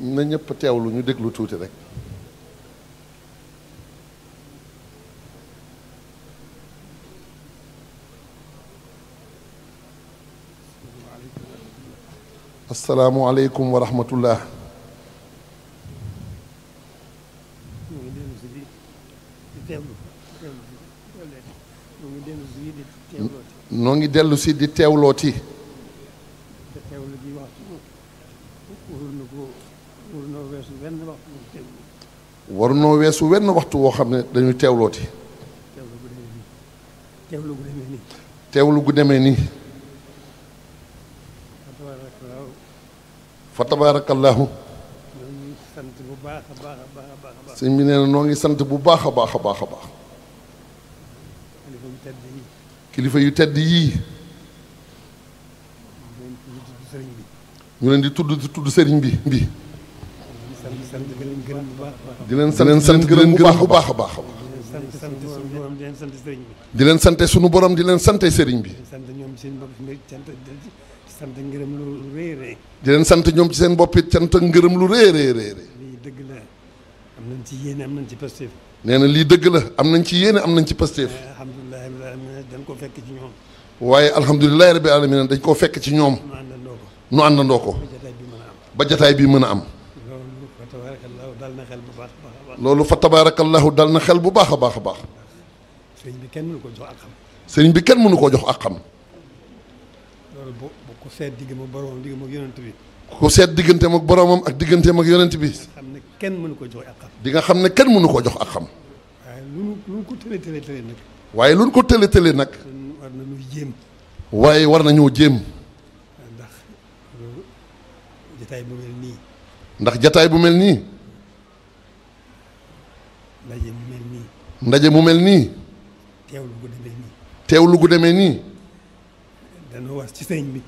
na ñëpp teewlu ñu déglu tuuti rek asalaamualeykum wa rahmatullah noo ngi dellu si di teewlooti warno wessu wenn waxtu wo xamne dañu tewloti tewlu gu demé ni teewlu gu demee nii fa tabaarakallaahu bu baax a baax a kilifa yu tedd yii ñu leen di tudd tudd bi bi sant di leen gërëm bu baax a baax. di leen sant di leen sant gërëm bu baax a baax a baax. di leen sant suñu borom di leen sant sëriñ bi. di leen sant ñoom ci seen bopp sant ngërëm lu rëy rëy. di leen sant ñoom ci seen bopp it sant ngërëm lu rëy rëy rëy. lii dëgg la am nañ ci yéene am nañ ci pasteef. nee na lii dëgg la am nañ ci yéene am nañ ci pasteef. alhamdulilah rabbil alamin dañ koo fekk ci ñoom. waaye alhamdulilah rabbil alamin dañ koo fekk ci ñoom. nu àndandoo ko. nu àndandoo ko. ba jataay bi mën a am. dal na xel baax a baax. loolu fa tabaarakallahu dal na xel bu baax a baax a baax. sëriñ bi kenn mënu ko jox ak xam. sëriñ bi kenn mënu ko jox ak xam. loolu bu bu ku seet diggante ak boromam diggante ak yonent bi. ku seet digganteem ak boromam ak digganteem ak yonent bi. xam ne kenn mënu ko jox ak xam. nga xam ne kenn mënu ko jox ak xam. waaye lu lu ko tële tële tële nag. waaye lu ko tële tële nag. war nañoo jéem. waaye war nañoo jéem. ndax jataay bu mel nii. ndax jataay bu mel nii. ndaje mu mel nii. ndaje mu mel nii. teewlu gu demee nii. teewlu gu demee nii. danoo war ci sëriñ bi.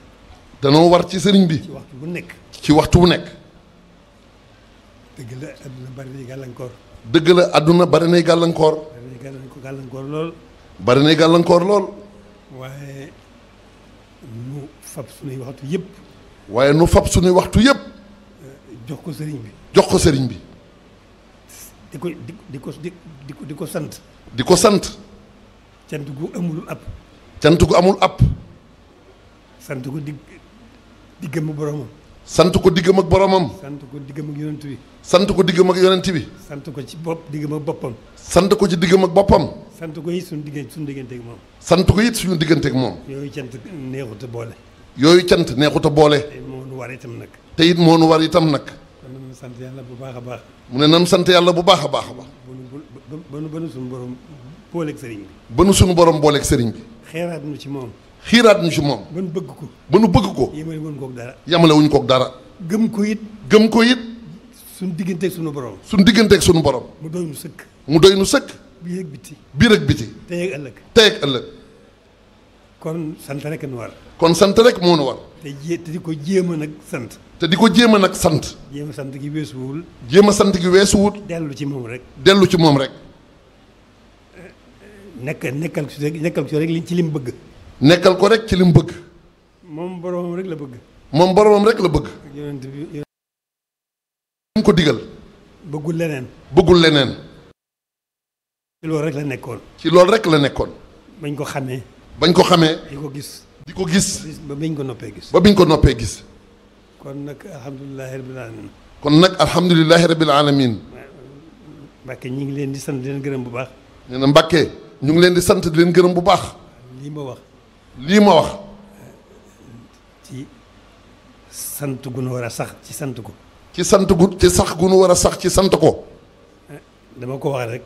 danoo war ci sëriñ bi. ci waxtu bu nekk. ci waxtu bu nekk. dëgg la àdduna bari nay gàllankoor. dëgg la àdduna bari nay gàllankoor. bari nay gàllankoor lool. bari nay gàllankoor lool. waaye nu fab sunuy waxtu yëpp. waaye nu fab sunuy waxtu yëpp. jox ko sëriñ bi. jox ko sëriñ bi. di ko di di ko di ko di ko sant. di ko sant. cant gu amul ab. cant gu amul ab. sant ko dig diggam ak boromam. sant ko diggam ak boromam. sant ko diggam ak yonent bi. sant ko diggam ak yonent bi. sant ko ci bopp diggam ak boppam. sant ko ci diggam ak boppam. sant ko it suñu diggante suñu diggante moom. sant ko it suñu diggante ak moom. yooyu cant neexut a boole. yooyu cant neexut a boole. te it moo nu war itam nag. te it moo nu war itam nag. sant yàlla bu baax a baax. mu ne nan sant yàlla bu baax a baax a baax. ba nu ba nu suñu borom booleeg sëriñ bi. ba nu suñu borom booleeg sëriñ bi. xeeraat nu ci moom. xiiraat ñu ci moom. ba nu bëgg ko. ba nu bëgg ko. yemale wuñ koog dara. yemale wuñ koog dara. gëm ko it. gëm ko it. suñu digganteeg suñu borom. suñu digganteeg suñu borom. mu doy nu sëkk. mu doy nu sëkk. biir ak biti. biir ak biti. tey ak ëllëg. tey ak ëllëg. kon sant rek nu kon sant rek moo nu war. te di ko jéem a nag sant. te di ko jéem a nag sant. jéem a sant gi weesuwul. jéem a sant gi weesuwul. dellu ci moom rek. dellu ci moom rek. nekk nekkal ko rek nekkal ko rek ci lim bëgg. nekkal ko rek ci lim bëgg. moom boromam rek la bëgg. moom boromam rek la bëgg. yonent bi mu ko digal. bëggul leneen. bëggul leneen. ci loolu rek la nekkoon. ci loolu rek la nekkoon. bañ ko xamee. bañ ko xamee. di ko gis. di ko gis. ba biñ ko noppee gis. ba biñ ko noppee gis. kon nag alhamdulilah rabil alamin. kon nag alhamdulilah rabil alamin. Mbacke ñu ngi leen di sant di leen gërëm bu baax. nee ñu ngi leen di sant di leen gërëm bu baax. lii ma wax. lii ma wax. ci sant gu nu war a sax ci sant ko. ci sant gu ci sax gu nu war a sax ci sant ko. Eh, dama ko wax rek.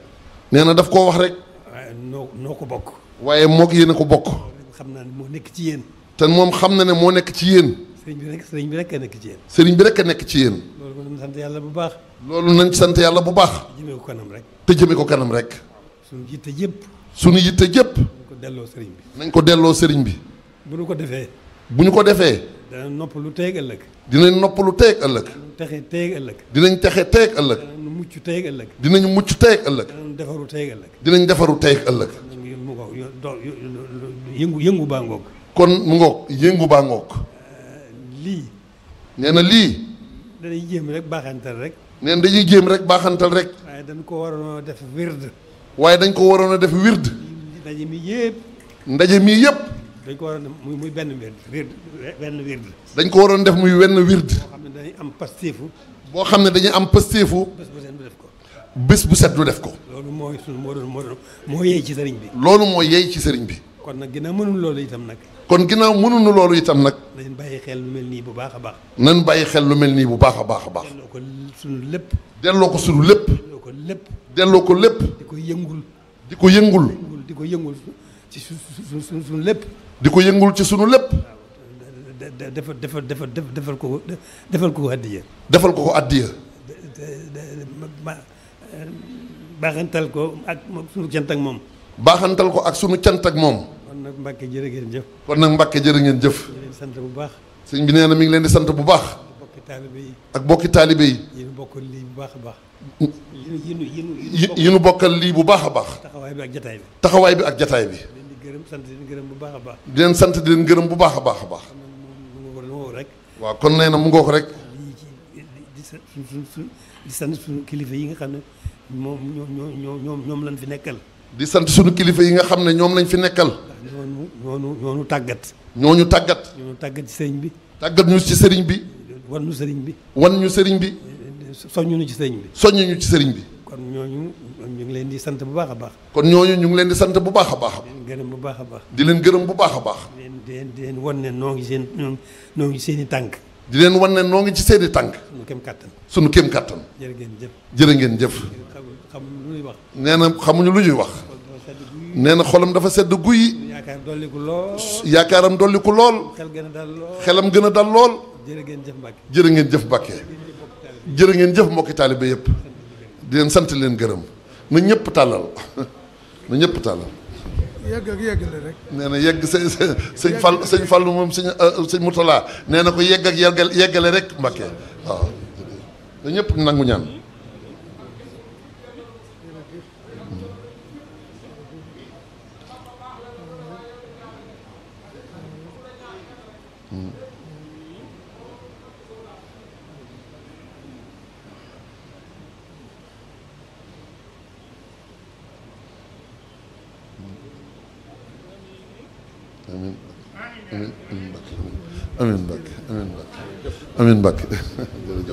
nee na daf koo wax rek. waaye noo noo ko bokk. waaye moo yéen a ko bokk. xam naa ne moo nekk ci yéen. te moom xam na ne moo nekk ci yéen. sëriñ bi rek sëriñ bi rek a nekk ci yéen. sëriñ bi rekk a nekk ci yéen. loolu nañ sant yàlla bu baax. loolu nañ sant yàlla bu baax. te jëmee ko kanam rek. te jëmee ko kanam rek. suñu yitte jépp suñu yitte yëpp. nañ ko delloo sëriñ bi. nañ ko delloo sëriñ bi. bu ñu ko defee. bu ñu ko defee. noppalu teeg ëllëg. dinañ noppalu teeg ëllëg. texe teeg ëllëg. dinañ texe teeg ëllëg. dinañ mucc teeg ëllëg. dinañ mucc teeg ëllëg. defaru teeg dinañ defaru teeg ëllëg. do yëngu yëngu baa kon mu ngoog yëngu baa ngoog euh, lii nee na lii dañuy jéem rek baaxantal rek nee na dañuy jéem rek baaxantal rek waaye dañ ko waroon a def wird waaye dañ ko waroon a def wird ndaje mi yëpp yëpp dañ ko waroon def muy muy benn wird benn wird dañ ko waroon def muy wenn wird boo xam ne dañuy am pasteefu boo xam ne dañuy am pasteefu bés bu seen bu def ko bés bu set lu def ko. loolu mooy sunu moo doon moo doon moo yey ci sëriñ bi. loolu moo yey ci sëriñ bi. kon nag ginnaaw mënuñu loolu itam nag. kon ginnaaw mënuñu loolu itam nag. nañ bàyyi xel lu mel nii bu baax a baax. nañ bàyyi xel lu mel nii bu baax a baax a baax. delloo ko sunu lépp. delloo ko sunu lépp. delloo lépp. delloo ko lépp. di ko yëngul. di ko yëngul. di ko yëngul ci su su sunu lépp. di ko yëngul ci sunu lépp. defal defal defal defal ko defal ko ko addiya. defal ko ko addiya. baaxantal ko ak sunu cant ak moom. baaxantal ko ak sunu cant ak moom. kon nag Mbacke jërë ngeen jëf. kon nag Mbacke jërë ngeen jëf. sant bu baax. sëñ bi nee na mi ngi leen di sant bu baax. ak bokki taalibe yi. yi nu lii bu baax a baax. yi nu bokkal lii bu baax a baax. taxawaay bi ak jataay bi. taxawaay bi ak jataay bi. di leen gërëm sant di leen gërëm bu baax a baax. di sant di leen gërëm bu baax a baax a baax. waaw kon nee na mu ngoog rek. di sant suñu kilifa yi nga xam ne moom ñoo ñoo ñoom lañu fi nekkal. di sant suñu kilifa yi nga xam ne ñoom lañ fi nekkal. ñooñu ñooñu ñooñu tàggat. ñooñu tàggat. ñooñu tàggat ci sëriñ bi. tàggat ñu ci sëriñ bi. wan ñu sëriñ bi. wan ñu sëriñ bi. soññu ñu ci sëriñ bi. soññu ñu ci sëriñ bi. kon ñooñu ñu leen di sant bu baax a baax. kon ñooñu ñu ngi leen di sant bu baax a baax. di leen gërëm bu baax a baax. di leen gërëm bu baax a baax. di leen wan ne noo ngi seen noo ngi seen tànk. di leen wan ne noo ngi ci seeni tànk. sunu kem kattan sunu kéem kattan. jërë ngeen jëf jërë ngeen jëf. xamuñu lu ñuy wax. nee na xamuñu lu ñuy wax. nee na xolam dafa sedd guy. yaakaaram dolliku lool. yaakaaram dolliku lool. xel gën a dal xelam gën a dal lool. jërë ngeen jëf Mbacke. jërë ngeen jëf Mbacke. jërë ngeen jëf mbokki taalibe yëpp. di leen sant leen gërëm na ñëpp tàllal na ñëpp tàllal. yegg ak yeggale rek. nee na yegg sëñ sëñ Fall sëñ Fall moom sëñ euh, sëñ Moutala nee na ko yegg ak yeggale yeggale rek Mbacke waaw ñëpp nangu ñaan. amiin amiin Mbacke amiin Mbacke amiin Mbacke amiin Mbacke jërëjëf